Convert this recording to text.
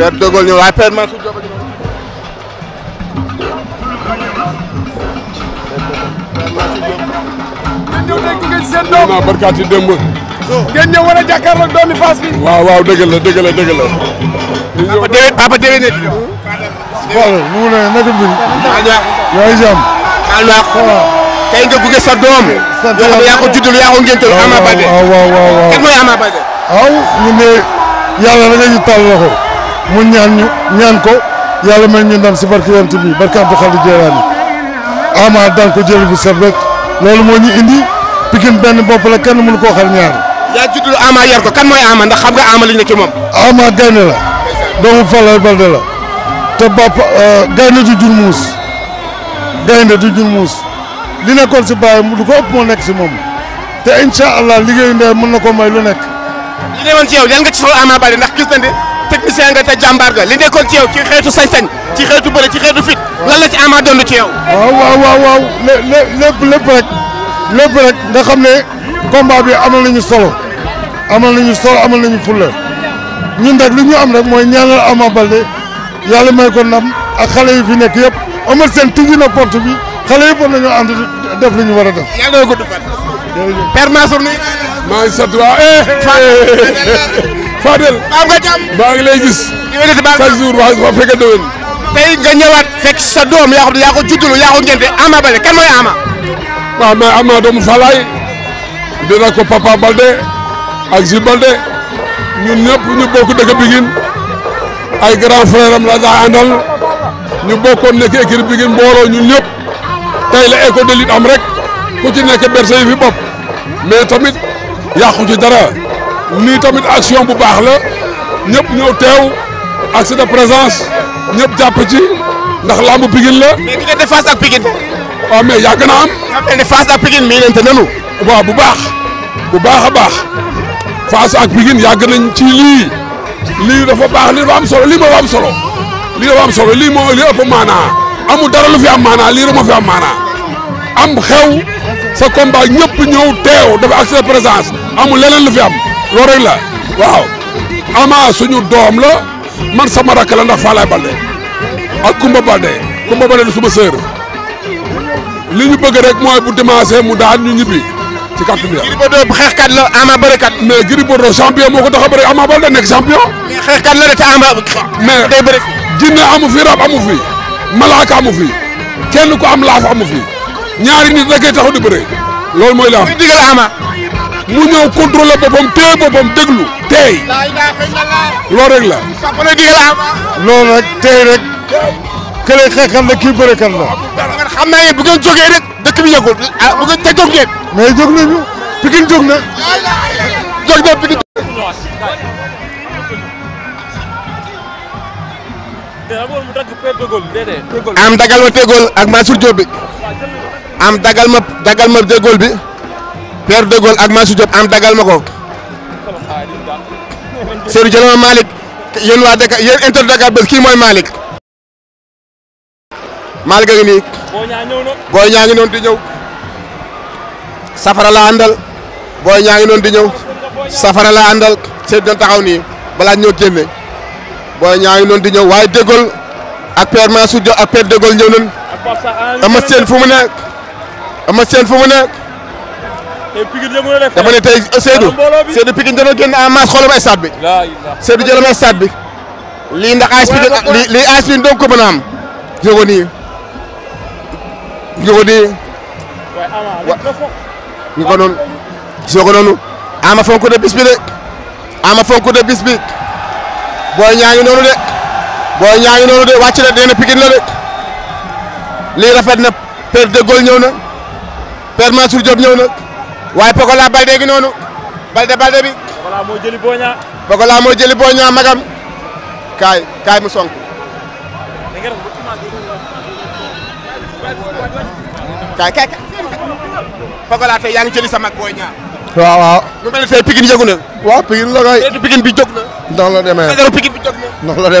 Père de Gaulle ñëw waaye Père Mansour Diop a ngi noonu. Père Mansour Diop. ngeen ñëw tey ku ngeen seen doom. vraiment barkaati démb. ngeen ñëw war a jàkkaarloog doomi Fass bi. waaw waaw dëgg la dëgg la dëgg la. papa déwén papa déwén it. waaw mu ngi lay naka mbir. yaa ngi jàmm. tey nga bëgg sa doom. sant yàlla yoo xam ne yaa ko juddul yaa ko ngéntal Ama Baldé. waaw waaw waaw kan mooy Ama Baldé. waaw ñu ne yàlla da nga ñu tàll loxo. mu ñaan ñu ñaan ko yàlla may ñu ndam si barke yonent bi barke Abdou Khadir Jeelaani Ama daan ko jël bu set loolu moo ñu indi Pikine benn bopp la kenn mënu koo xar ñaar. yaa juddul Ama yar kan mooy Ama ndax xam nga Ama liñ ne ci moom. Ama gaynde la doomu la te bopp euh, gaynde du jur muus gaynde du jur muus li nekkoon si bàyyi mu ko ëpp nekk si moom te incha allah liggéeyu ndey mën na ko may lu nekk. li ne woon ci nga ci soxla Ama Balde ndax gis nañ technicien nga te jàmbaar nga li nekkoon ci yow ci xeetu sañ-sañ ci xeetu bëre ci xeetu fit lan la ci Ama doon ci yow. waaw waaw waaw waaw lépp lépp rek nga xam ne combat bi amal nañu solo amal nañu fulla ñun nag lu ñu am rek mooy ñaanal Ama Baldé yàlla may ko ndam a xale yu fi nekk yëpp amal seen tijji na porte bi xale yëpp war nañoo ànd li ñu war a def. yàlla na ko duggal. jërëjëf Père Mansour nuyu naa la. maa ngi sant eh, eh, eh, Fadel. waaw nga jàmm. maa ngi lay gis. chaque jour wax wax fekk déwén. tey nga ñëwaat fekk sa doom yaa ko juddulu yaa ko ngente Ama Baldé kan mooy Ama. waaw mais doomu Falaay dina ko Papa Baldé ak Jules ñun ñëpp ñu bokk dëkk Biguine ay grand frère am la daa àndal ñu bokkoon nekk écurie Biguine mbooloo ñun ñëpp tey la école am rek ku ci nekk berse yi fi bopp mais tamit yàqu ci dara. lii tamit action bu baax la ñëpp ñëw teew ak sa présence ñëpp jàpp ci ndax lamb Pikine la. mais diggante Fass ak Pikine. waaw mais yàgg na am. xam ne Fass ak Pikine miinante nanu. waaw bu baax bu baax a baax Fass ak Pikine yàgg nañ ci lii lii dafa baax lii dafa am solo lii moo am solo lii dafa am solo lii moo ëpp maanaa amul dara lu fi am maanaa lii rek moo fi am maanaa am xew sa combat ñëpp ñëw teew dafa ak sa présence amu leneen lu fi am. loolu rek la waaw Ama suñu doom la man sama rakk la ndax Falaye Balde a Kumba Balde Kumba Balde di suma sœur li ñu bëgg rek mooy bu dimanche mu daan ñu ñibbi ci kàttu bi. Gris Bordeaux xeexkat la Ama bërekat. moo ko tax a bëri Ama Balde nekk champion. mais xeexkat la de te Ama. mais day bëri. jinne amu fi rab amu fi malaaka amu fi kenn ku am laaf amu fi ñaari nit rek ay taxaw di bëre loolu mooy la mu ñëw contrôler boppam téye boppam déglu tey loolu rek la. loolu rek tey rek kële xeexal la kii bëre kan la. xam naa ne bu ngeen jógee dëkk bi yëgul ah am dagal ma tegol ak Mansour Diop bi am dagal ma dagal ma bi. Père de Gaulle ak Mansour Diop am dagal ma ko jëlama Malick yéen waa Dakar yéen inter Dakar bés kii mooy Malick Malick a booy ñaa noonu di ñëw safara la àndal booy ñaa ngi noonu di ñëw safara la àndal Seydou doon taxaw nii balaa ñoo génne booy ñaa ngi noonu di ñëw waaye de Gaulle ak Père Mansour Diop ak Père de ñëw nañ ama seen ne tey Pikine yëngu na dama ne tey euh, Seydou Seydou Pikine dana génn en masse xoolal stade bi. Seydou jëlal stade bi. lii ndax AS Pikine lii lii AS Pikine doon ko mën a am. jógo nii de bis de. ama fonk de bis booy ñaa noonu de. booy ñaa noonu de wàcc na dina Pikine la de. lii rafet na Père de Gaulle ñëw na. Père Mansour Diop ñëw na. waaye Pokola Balde gi noonu Balde Balde bi. Pokola moo jëli Boña. Pokola moo jëli Boña magam kaay kaay mu sonk. kaay kaay kaay. Pokola tey yaa ngi jëli sa mag Boña. waaw waaw. mu mel ne tey Pikine yëgu na. waaw Pikine la kay. Pikine demee.